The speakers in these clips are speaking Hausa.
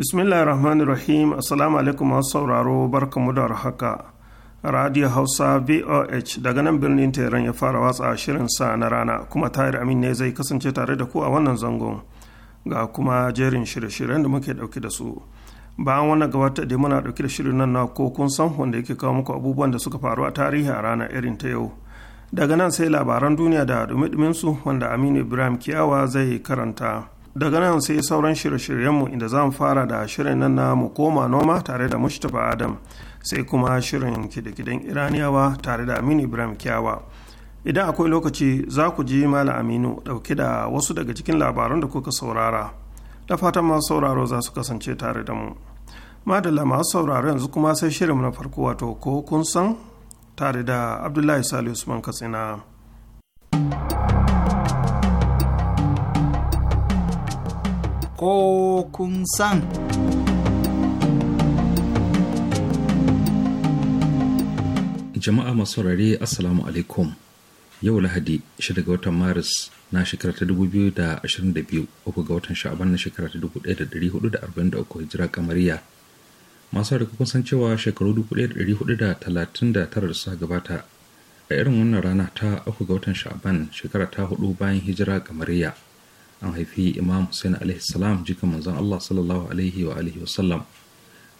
bismillahir rahmanir rahim assalamu alaikum masu sauraro barkamu da haka radio hausa voh daga nan birnin teran ya fara watsa shirin sa na rana kuma tahir amin ne zai kasance tare da ku a wannan zangon ga kuma jerin shirye-shiryen da muke dauke da su bayan wannan gabatar da muna dauke da shirin nan na ko kun san wanda yake kawo muku abubuwan da suka faru a tarihi a rana irin ta yau daga nan sai labaran duniya da dumi su wanda aminu ibrahim kiyawa zai karanta daga nan sai sauran shirye-shiryenmu inda zan fara da shirin nan na mu koma noma tare da mustapha adam sai kuma shirin kidikidin iraniyawa tare da aminu ibrahim kyawa idan akwai lokaci za ku ji malam aminu dauke da wasu daga cikin labaran da kuka saurara da fatan masu sauraro za su kasance tare da mu madalla masu sauraro yanzu kuma sai shirin na farko wato ko kun san tare da abdullahi salisu usman katsina ko kun san. Jama'a masu rare Assalamu alaikum. Yau Lahadi shi ga watan Maris na shekara ta 2022 uku ga watan Sha'aban na shekara ta 1443 hijira kamariya. Masu da kun san cewa shekaru 1439 da suka gabata a irin wannan rana ta uku ga watan Sha'aban shekara ta hudu bayan hijira kamariya. an haifi imam hussein alaihi salam jikan manzon allah sallallahu alaihi wa alihi wasallam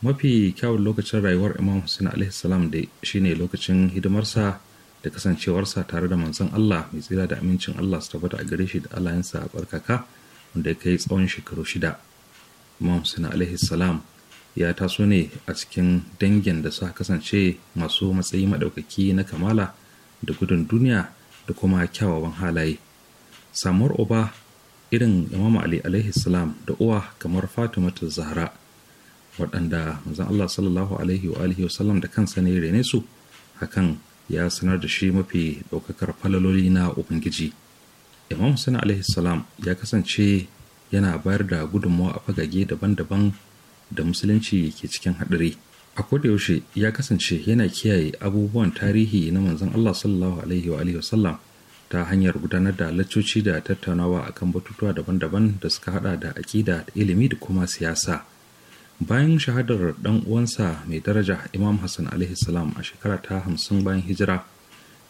mafi kyawun lokacin rayuwar imam hussein alaihi salam da shine lokacin hidimarsa da kasancewarsa tare da manzon allah mai tsira da amincin allah su tabbata a gare shi da alayensa a barkaka wanda ya kai tsawon shekaru shida imam hussein alaihi salam ya taso ne a cikin dangin da suka kasance masu matsayi maɗaukaki na kamala da gudun duniya da kuma kyawawan halaye samuwar oba irin imam ali alaihi salam da uwa kamar fatimatu zahra waɗanda manzon allah sallallahu alaihi wa alihi wasallam da kansa ne rene su hakan ya sanar da shi mafi ɗaukakar falaloli na ubangiji imam hussein alaihi salam ya kasance yana bayar da gudunmawa a fagage daban-daban da musulunci ke cikin haɗari a yaushe ya kasance yana kiyaye abubuwan tarihi na manzon allah sallallahu alaihi wa alihi ta hanyar gudanar da laccoci da tattaunawa akan batutuwa daban-daban da suka hada da aƙida da ilimi da kuma siyasa bayan shahadar dan uwansa mai daraja imam hassan alaihi salam a shekara ta hamsin bayan hijira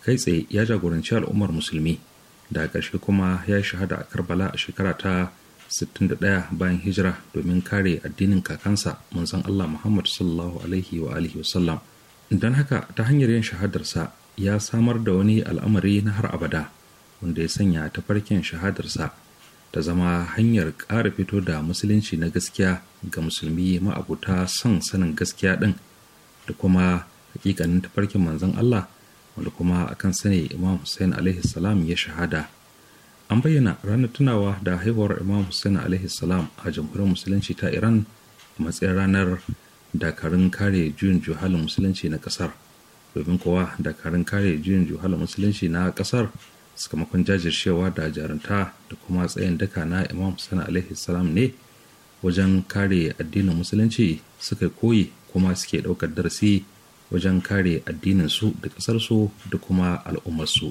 kai tsaye ya jagoranci al'ummar musulmi da ƙarshe kuma ya shahada a karbala a shekara ta 61 bayan hijira domin kare addinin kakansa manzon allah muhammad sallallahu alaihi wa alihi wasallam don haka ta hanyar yin shahadarsa ya samar da wani al'amari na har abada wanda ya sanya tafarkin shahadarsa ta zama hanyar ƙara fito da musulunci na gaskiya ga musulmi ma'abuta son sanin gaskiya ɗin da kuma hakikanin tafarkin manzon Allah wanda kuma akan sani Imam Hussein alaihi ya shahada an bayyana ranar tunawa da haihuwar Imam Hussein alaihi a jamhuriyar musulunci ta Iran a matsayin ranar dakarun kare juyin juhalin musulunci na ƙasar. domin kowa dakarun kare juyin juhala musulunci na kasar sakamakon jajircewa da jarunta da kuma tsayin daka na imam sana alaihi salam ne wajen kare addinin musulunci suka koyi kuma suke ɗaukar darasi wajen kare addinin su da kasar su da kuma al'ummar su.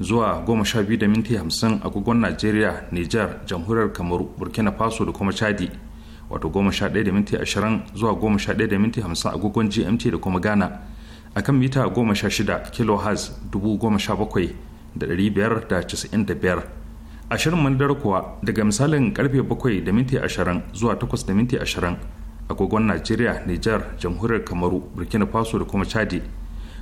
zuwa goma sha biyu da minti agogon najeriya nijar jamhuriyar kamaru burkina faso da kuma chadi wato goma sha ɗaya zuwa goma sha ɗaya agogon gmt da kuma ghana akan mita goma sha shida kilohertz dubu goma sha bakwai da ɗari biyar da da biyar ashirin mandar kuwa daga misalin karfe bakwai da minti ashirin zuwa takwas da minti ashirin agogon najeriya nijar jamhuriyar kamaru burkina faso da kuma chadi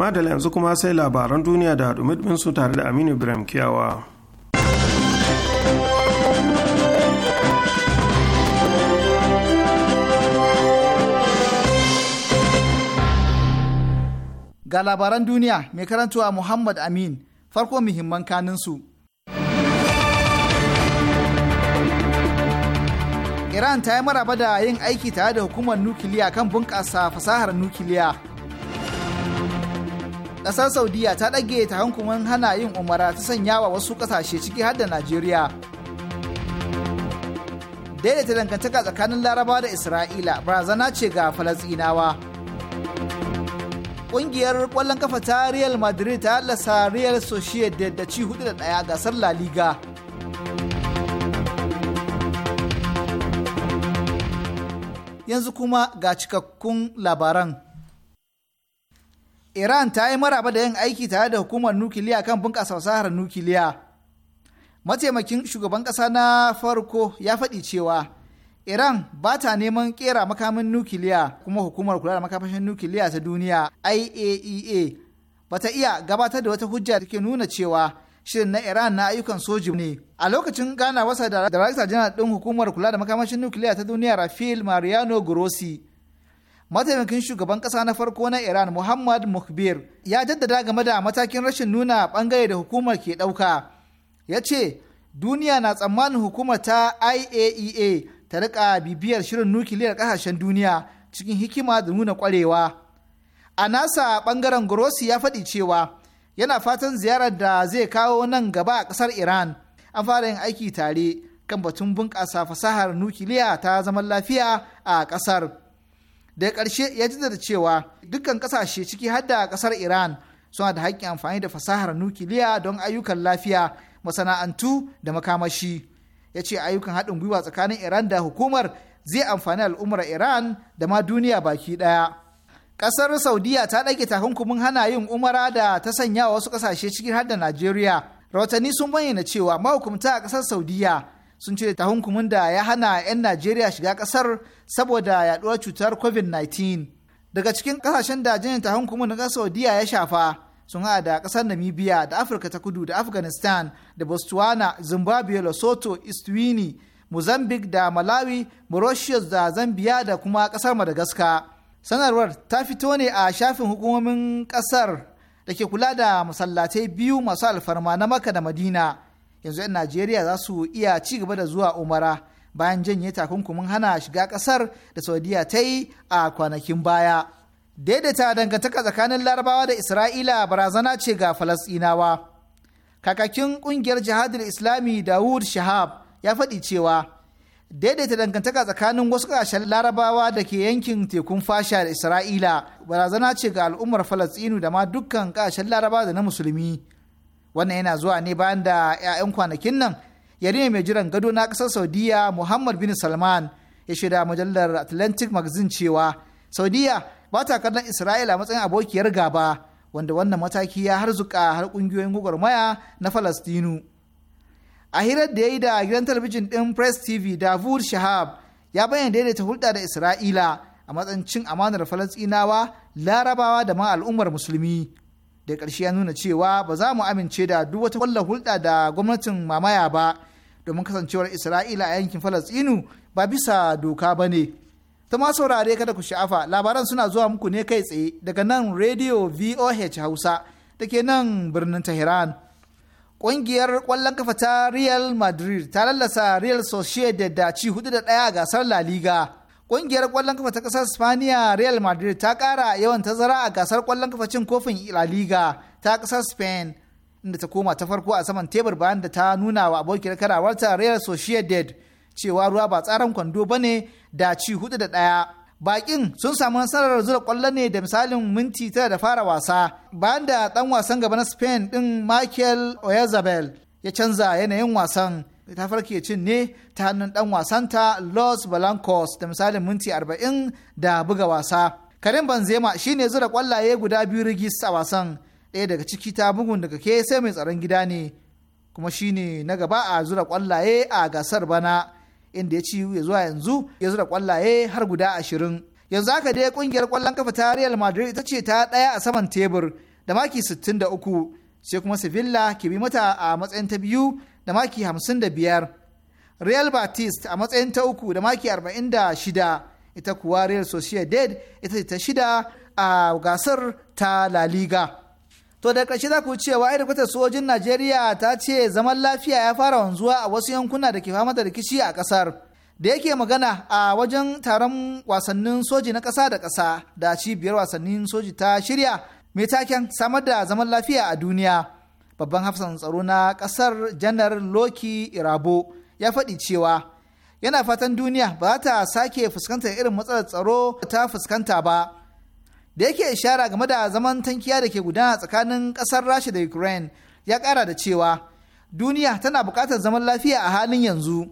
madala yanzu kuma sai labaran duniya da haɗumin su tare da aminu ibrahim kiyawa ga labaran duniya mai karantuwa muhammad amin farko muhimman kaninsu iran ta yi maraba da yin aiki tare da hukumar nukiliya kan bunƙasa fasahar nukiliya ƙasar saudiya ta ɗage ta hankumin hana yin umara ta sanya wa wasu ƙasashe ciki har da najeriya daidaita dangantaka tsakanin laraba da isra'ila barazana ce ga falasinawa ƙungiyar ƙwallon kafa ta real madrid ta lasa real sociedad da ci hudu da ɗaya gasar la liga yanzu kuma ga cikakkun labaran Iran ta yi maraba da yin aiki tare da hukumar nukiliya kan bunƙasa fasahar nukiliya. Mataimakin shugaban ƙasa na farko ya faɗi cewa Iran ba ta neman ƙera makamin nukiliya kuma hukumar kula da makamashin nukiliya ta duniya IAEA e ba ta iya gabatar da wata hujja da ke nuna cewa shirin na Iran na ayyukan soji ne. A lokacin gana wasa da Darakta Janar ɗin hukumar kula da makamashin nukiliya ta duniya Rafael Mariano Grossi mataimakin shugaban ƙasa na farko na iran muhammad mukbir ya jaddada game da matakin rashin nuna bangare da hukumar ke ɗauka ya ce duniya na tsammanin hukumar ta iaea e ta rika bibiyar shirin nukiliyar ƙasashen duniya cikin hikima da nuna ƙwarewa a nasa bangaren grossi ya faɗi cewa yana fatan ziyarar da zai kawo nan gaba a ƙasar iran an fara yin aiki tare kan batun bunƙasa fasahar nukiliya ta zaman lafiya a ƙasar daga ƙarshe ya jaddada cewa dukkan kasashe ciki har da ƙasar iran suna da haƙƙin amfani da fasahar nukiliya don ayyukan lafiya masana'antu da makamashi ya ce ayyukan haɗin gwiwa tsakanin iran da hukumar zai amfani al'ummar iran da ma duniya baki ɗaya ƙasar saudiya ta ɗage takunkumin hana yin umara da ta sanya wasu ƙasashe ciki har da najeriya rahotanni sun bayyana cewa mahukumta a ƙasar saudiya sun ce hunkumin da ya hana 'yan Najeriya shiga ƙasar saboda yaduwar cutar COVID-19. Daga cikin ƙasashen da jinin tahunkumin na Saudiya ya shafa sun haɗa da ƙasar Namibia da Afirka ta Kudu da Afghanistan da Botswana, Zimbabwe, Lesotho, Eswini, Mozambique da Malawi, Mauritius da Zambia da kuma ƙasar Madagascar. Sanarwar ta fito ne a shafin hukumomin ƙasar da ke kula da masallatai biyu masu alfarma na Makka da Madina. yanzu 'yan najeriya za su iya ci gaba da zuwa umara bayan janye takunkumin hana shiga kasar da saudiya ta yi a kwanakin baya daidaita dangantaka tsakanin larabawa da isra'ila barazana ce ga falasɗinawa kakakin ƙungiyar jihadar islami dawud shahab ya faɗi cewa daidaita dangantaka tsakanin wasu ƙasashen larabawa da ke yankin tekun fasha da isra'ila barazana ce ga al'ummar falasɗinu da ma dukkan ƙasashen larabawa da na musulmi wannan yana zuwa ne bayan da 'ya'yan kwanakin nan yarima mai jiran gado na ƙasar saudiya muhammad bin salman ya shaida mujallar atlantic magazine cewa saudiya ba ta kallon isra'ila matsayin abokiyar gaba wanda wannan mataki ya harzuka har ƙungiyoyin gwagwarmaya na falastinu a hirar da ya yi da gidan talabijin ɗin press tv davud shahab ya bayyana daidaita hulɗa da isra'ila a matsayin cin amanar falastinawa larabawa da ma al'ummar musulmi da ƙarshe ya nuna cewa ba za mu amince da duk wata kwallon hulɗa da gwamnatin mamaya ba domin kasancewar isra'ila a yankin falastinu ba bisa doka ba ne ta ma saurare kada ku sha'afa labaran suna zuwa muku ne kai tsaye daga nan radio voh hausa da ke nan birnin tehran ƙungiyar ƙwallon kafa ta real madrid ta lallasa real sociedad da ci hudu da ɗaya gasar la liga Ƙungiyar ƙwallon kafa ta ƙasar Spaniya Real Madrid ta ƙara yawan tazara a gasar ƙwallon kafa cin kofin La Liga ta ƙasar Spain inda ta koma ta farko a saman tebur bayan da ta nuna wa abokiyar karawarta Real Sociedad cewa ruwa ba tsaron kwando ba ne da ci hudu da ɗaya. Baƙin sun samu nasarar zura ƙwallo ne da misalin minti tara da fara wasa bayan da ɗan wasan gaba na Spain ɗin Michael Oyarzabal ya canza yanayin wasan ta farke cin ne ta hannun dan wasanta Los Blancos da misalin minti 40 da buga wasa. Karim Benzema shine zura kwallaye guda biyu rigis a wasan. Ɗaya daga ciki ta bugun daga ke sai mai tsaron gida ne. Kuma shine na gaba a zura kwallaye a gasar bana inda ya ci ya zuwa yanzu ya zura kwallaye har guda ashirin. Yanzu haka dai kungiyar kwallon kafa ta Real Madrid ita ce ta ɗaya a saman tebur da maki sittin da uku. sai kuma Sevilla ke bi mata a matsayin ta biyu da maki 55 real batiste a matsayin ta uku da maki 46 ita kuwa real sociedad ita ta shida a gasar ta la liga to da ƙarshe za ku cewa irin kwatar sojin najeriya ta ce zaman lafiya ya fara wanzuwa a wasu yankuna da ke fama da rikici a ƙasar da yake magana a wajen taron wasannin soji na ƙasa da ƙasa da cibiyar wasannin soji ta shirya mai taken samar da zaman lafiya a duniya babban hafsan tsaro na ƙasar janar loki irabo ya faɗi cewa yana fatan duniya ba za ta sake fuskantar irin matsalar tsaro da ta fuskanta ba da yake ishara game da zaman tankiya da ke gudana tsakanin ƙasar rasha da ukraine ya ƙara da cewa duniya tana buƙatar zaman lafiya a halin yanzu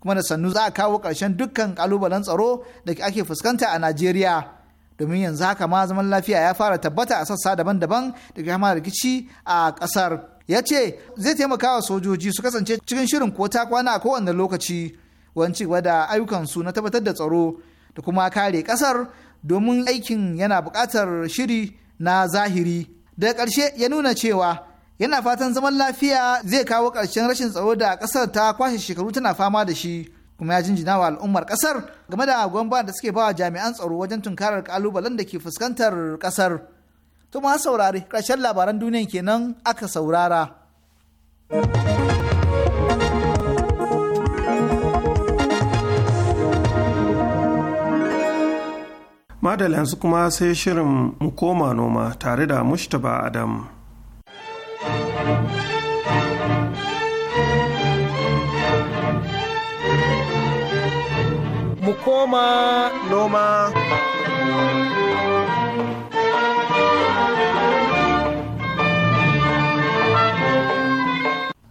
kuma da sannu za a kawo ƙarshen dukkan ƙalubalen tsaro da ake fuskanta a najeriya domin yanzu haka ma zaman lafiya ya fara tabbata a sassa daban-daban daga da kama rikici a kasar ya ce zai taimaka wa sojoji su kasance cikin shirin ko ta kwana a kowane lokaci wani gaba da ayyukansu na tabbatar da tsaro da kuma kare kasar domin aikin yana buƙatar shiri na zahiri daga ƙarshe ya nuna cewa yana fatan zaman lafiya zai kawo ƙarshen rashin tsaro da ƙasar ta kwashe shekaru tana fama da shi kuma ya jinjina wa al'ummar kasar game da gwamba da suke bawa jami'an tsaro wajen tunkarar kalubalen da ke fuskantar kasar to ma saurare ƙarshen labaran duniyan kenan aka saurara madal yanzu kuma sai shirin mu koma noma tare da mushtaba adam koma noma.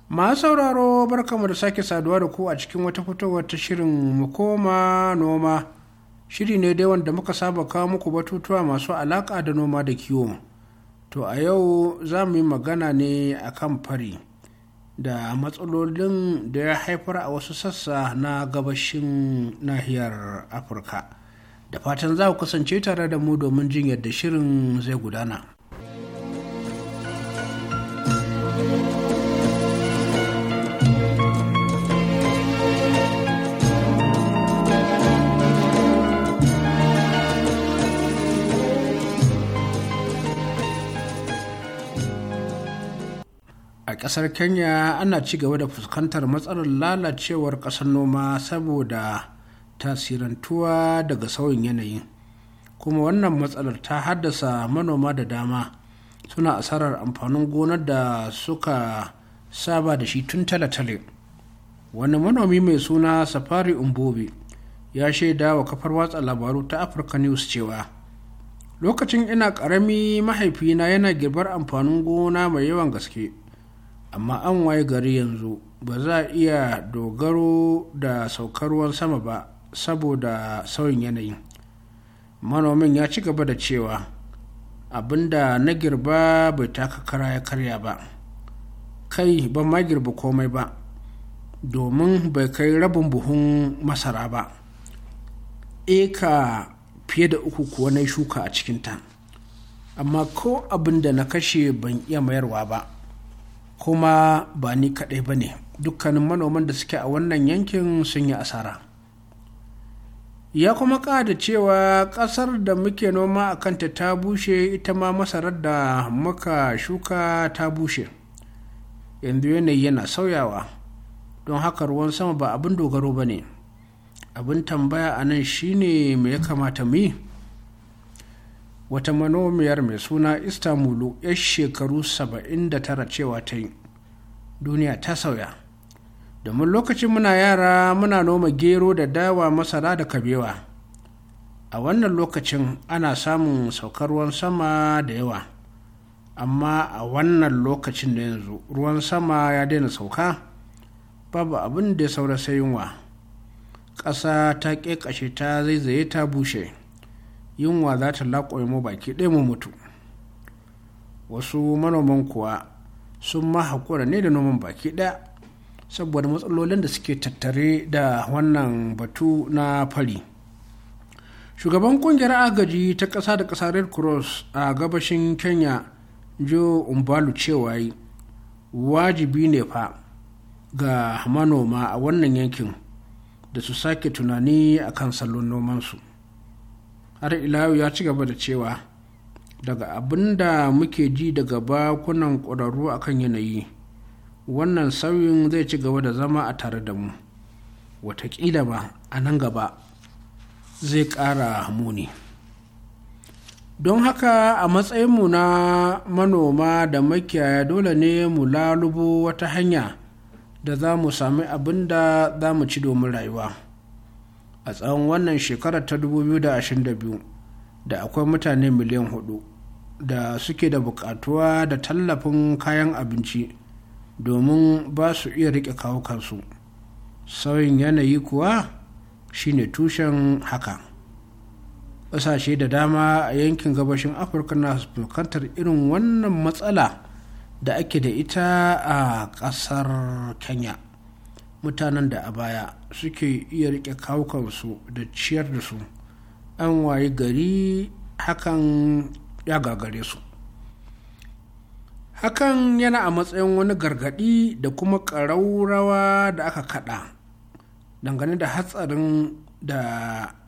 masu sauraro barkamu da sake saduwa da ku a cikin wata fitowar ta shirin mu koma noma shiri ne dai wanda muka saba kawo muku batutuwa masu alaƙa da noma da kiwo to a yau za mu yi magana ne akan fari da matsalolin da ya haifar a wasu sassa na gabashin nahiyar afirka da fatan za ku kasance tare da mu domin jin yadda shirin zai gudana a ƙasar kenya ana ci gaba da fuskantar matsalar lalacewar ƙasar noma saboda tasirantuwa daga sauyin yanayi kuma wannan matsalar ta haddasa manoma da dama suna asarar amfanin gonar da suka saba da shi tun tale-tale wani manomi mai suna safari umbobi ya shaida wa kafar watsa labaru ta africa news cewa lokacin ina ƙarami mahaifina yana girbar amfanin gona mai yawan gaske amma an waye gari yanzu ba za a iya dogaro da saukar ruwan sama ba saboda sauyin yanayi. manomin ya ci gaba da cewa abinda na girba bai taka kara ya karya ba kai ban ma girba komai ba domin bai kai rabin buhun masara ba eka fiye da uku kuwa na shuka a cikinta amma ko abin da na kashe ban iya mayarwa ba kuma ba ni kaɗai ba ne dukkanin manoman da suke a wannan yankin sun yi asara ya kuma ƙada cewa ƙasar da muke noma a kanta ta bushe ita ma masarar da muka shuka ta bushe yanzu yanayi yana sauyawa don haka ruwan sama ba abin dogaro ba ne abin tambaya a nan shine me ya kamata mu yi wata manomiyar mai suna istanbulu 'yar shekaru 79 cewa ta yi duniya ta sauya domin lokacin muna yara muna noma gero da dawa masara da kabewa a wannan lokacin ana samun saukar ruwan sama da yawa amma a wannan lokacin da yanzu ruwan sama ya daina sauka babu abin da ya saura sayinwa ƙasa ta ƙeƙashe ta zaizaye ta bushe yunwa za ta laƙoyi mu baki ɗaya mu mutu wasu manoman kuwa sun ma haƙura ne da noman baki ɗaya saboda matsalolin da suke tattare da wannan batu na fari shugaban ƙungiyar agaji ta ƙasa da ƙasa red cross a gabashin kenya joe umbalu cewa wajibi ne fa ga manoma a wannan yankin da su sake tunani a kan salon nomansu har ilayu ya ci gaba da cewa daga abin da muke ji daga bakunan ƙwararru kan yanayi wannan sauyin zai ci gaba da zama a tare da mu watakila ba a nan gaba zai ƙara muni don haka a matsayinmu na manoma da makiyaya dole ne mu lalubo wata hanya da za mu sami abin da za mu ci domin rayuwa. a tsawon wannan shekarar ta 2022 da akwai mutane miliyan hudu da suke da bukatuwa da tallafin kayan abinci domin ba su iya rike kawo kansu sauyin yanayi kuwa shine tushen haka ƙasashe da dama a yankin gabashin afirka na fuskantar irin wannan matsala da ake da ita a ƙasar kenya mutanen da a baya suke iya rike kawukansu da ciyar da su an waye gari hakan ya gagare su hakan yana a matsayin wani gargadi da kuma ƙaraurawa da aka kaɗa dangane da hatsarin da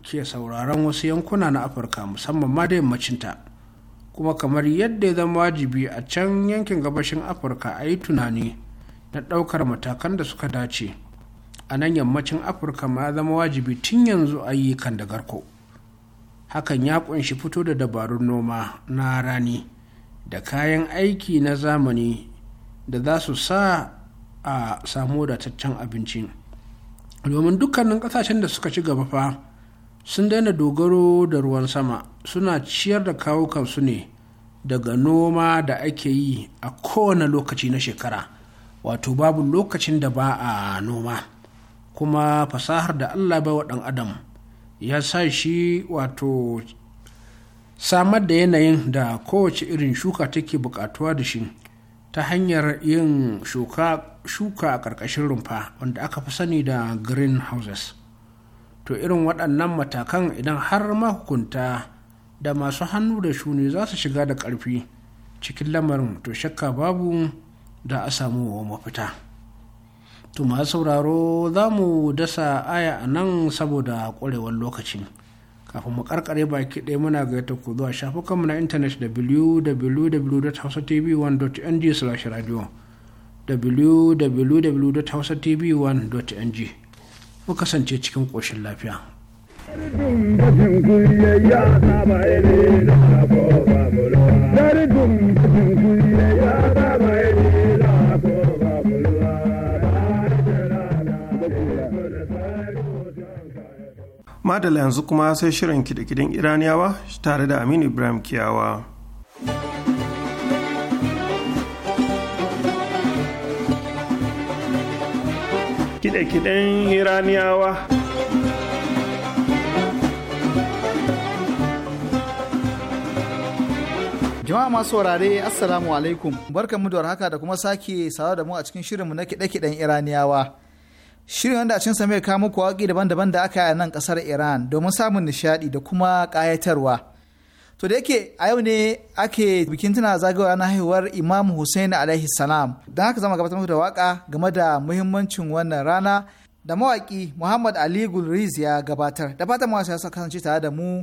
ke sauraron wasu yankuna na afirka musamman ma da yammacinta kuma kamar yadda ya zama wajibi a can yankin gabashin afirka a yi tunani na ɗaukar matakan da suka dace a nan yammacin afirka ma zama wajibi tun yanzu ayyukan da garko hakan ya kunshi fito da dabarun noma na rani da kayan aiki na zamani da za su sa a samu wadataccen abinci domin dukkanin kasashen da suka ci gaba fa sun daina dogaro da ruwan sama suna ciyar da kansu ne daga noma da ake yi a kowane lokaci na shekara wato babu lokacin da ba a noma kuma fasahar da allah bai wa ɗan adam ya sa shi wato samar da yanayin da kowace irin shuka take bukatuwa da shi ta hanyar yin shuka a ƙarƙashin rumfa wanda aka fi sani da green houses to irin waɗannan matakan idan har ma hukunta da masu hannu da shuni za su shiga da ƙarfi cikin lamarin to shakka babu da a samu mafita. To masu sauraro za mu dasa aya a nan saboda ƙwarewar lokaci. Kafin mu karkare baki ɗaya muna gayyata ku zuwa shafukanmu na intanet www.hausatv1.ng slash radio www.hausatv1.ng Mu kasance cikin ƙoshin lafiya. Dari dum dum kulle ya madala yanzu kuma sai shirin kidikidin iraniyawa tare da aminu ibrahim kiyawa jama'a masu wurare assalamu alaikum barkanmu da haka da kuma sake sawa da mu a cikin shirinmu na kide-kiden iraniyawa Shirin wanda cin sa mai kawo muku waƙi daban-daban da aka yi nan ƙasar Iran domin samun nishaɗi da kuma kayatarwa To da yake a yau ne ake bikin tana zagawa na haihuwar Imam Hussein alaihi salam. Don haka zama gabatar da waka game da muhimmancin wannan rana da mawaƙi Muhammad Ali Gulriz ya gabatar. Da fatan masu ya kasance tare da mu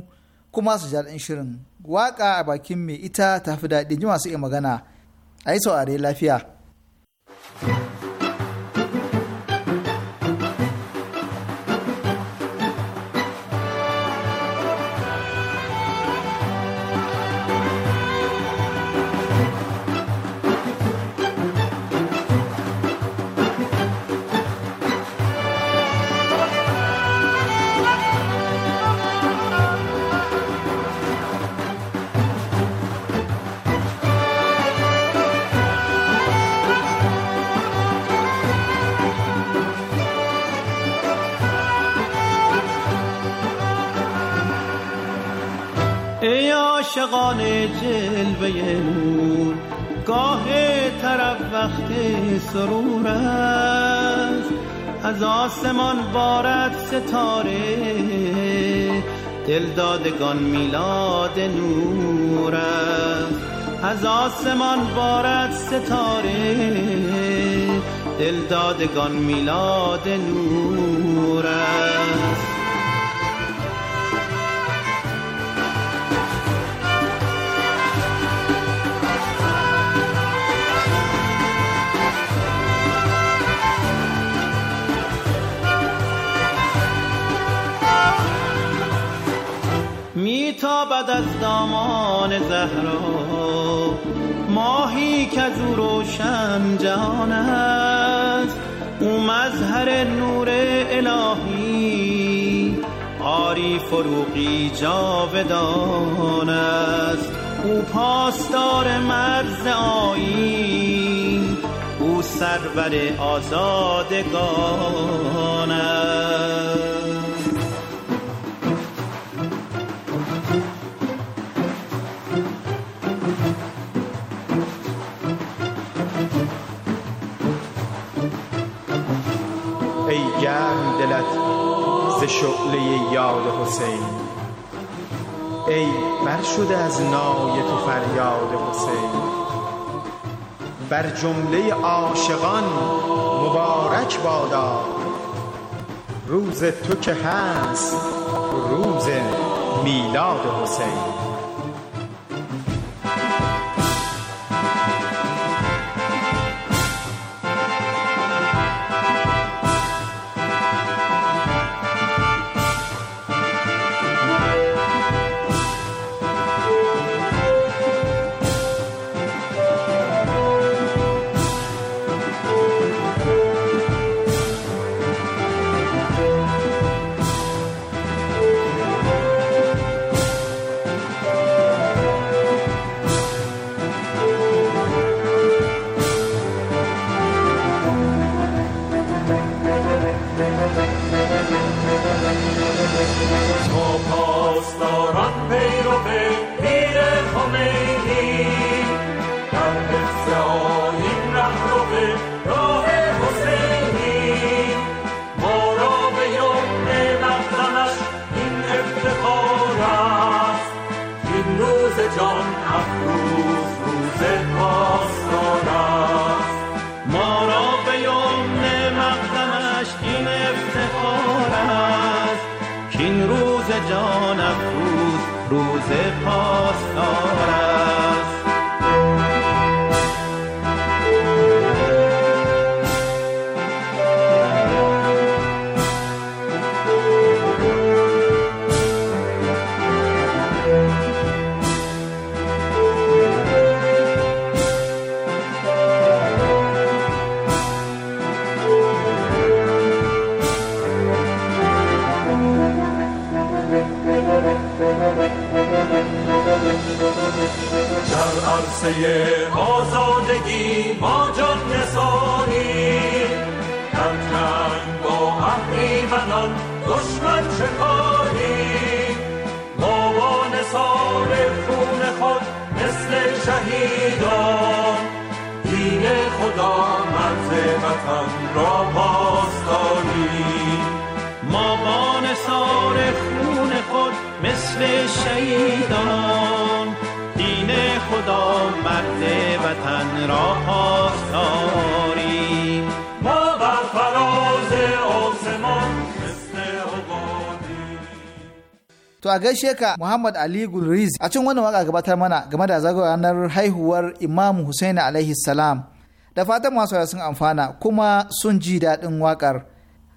kuma su ja shirin. waƙa a bakin mai ita tafi daɗi ji masu iya magana. A yi saurare lafiya. عاشقان جلوه نور گاه طرف وقت سرور است از آسمان بارد ستاره دلدادگان میلاد نور است از آسمان بارد ستاره دلدادگان میلاد نور است میتابد از دامان زهرا ماهی که از او روشن جهان است او مظهر نور الهی آری فروغی جاودان است او پاسدار مرز آیین او سرور آزادگان است شعله یاد حسین ای بر شده از نای تو فریاد حسین بر جمله عاشقان مبارک بادا روز تو که هست روز میلاد حسین جان افروز روز آستان است ما را به یمن مقدمش این افتخار است کین روز جان افروز روز پاسدار است واسه آزادگی ما جان نسانیم تن تن با منان دشمن شکاریم ما با نثار خون خود مثل شهیدان دین خدا مرز وطن را بازداری ما با خون خود مثل شهیدان خدا مرد وطن را پاسداری To a gaishe ka Muhammad Ali Gulriz a cin wannan waka gabatar mana game da zagayowar yanar haihuwar Imam Hussein alaihi salam. Da fatan masu sun amfana kuma sun ji daɗin wakar.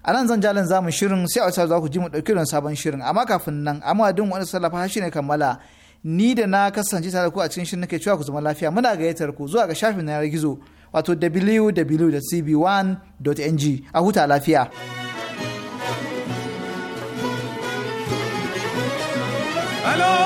a nan zan jalin zamu shirin sai a wata za ku ji mu ɗauki sabon shirin amma kafin nan amma duk wani sallafa shi ne kammala ni da na kasance tare ku a cikin shirin nake cewa ku zama lafiya muna gayyatar ku zuwa ga shafin yanar gizo wato www.cb1.ng a huta lafiya. Hello!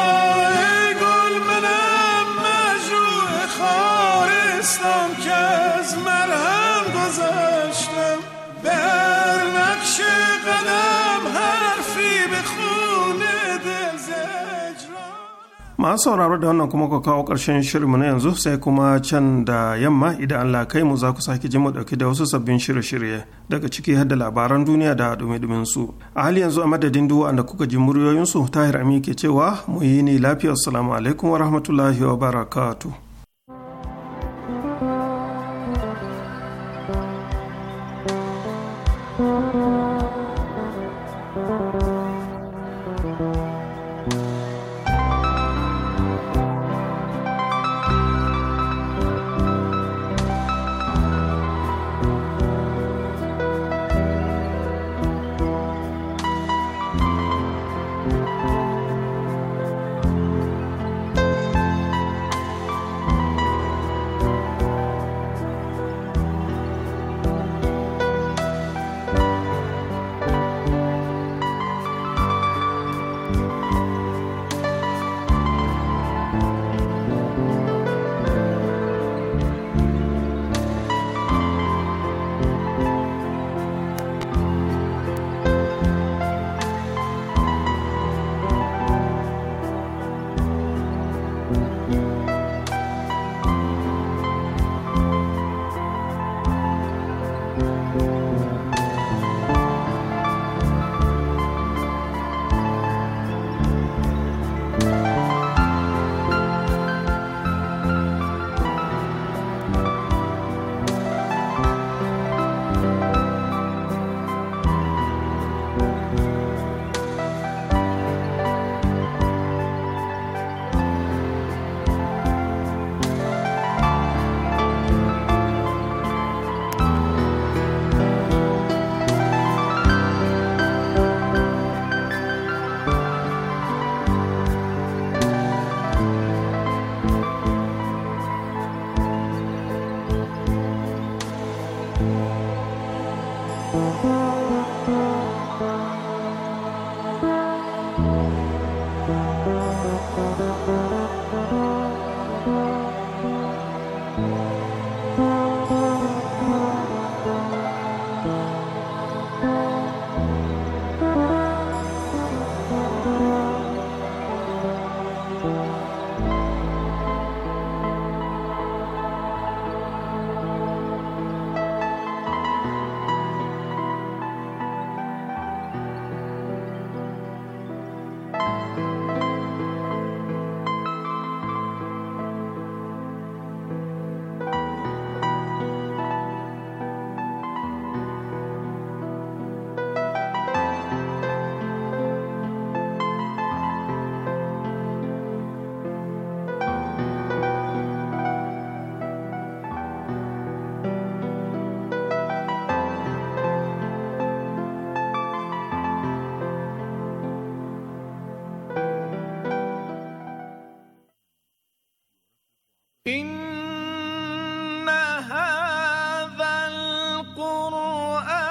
masu sauraro da wannan kuma ka kawo ƙarshen shirinmu na yanzu sai kuma can da yamma idan Allah kai mu za ku sake ji mu dauki da wasu sabbin shirye-shirye daga ciki har da labaran duniya da dumi-dumin su a hali yanzu a madadin duwa da kuka ji muryoyin su tahir ami ke cewa mu yi ni lafiya assalamu alaikum wa rahmatullahi wa barakatuh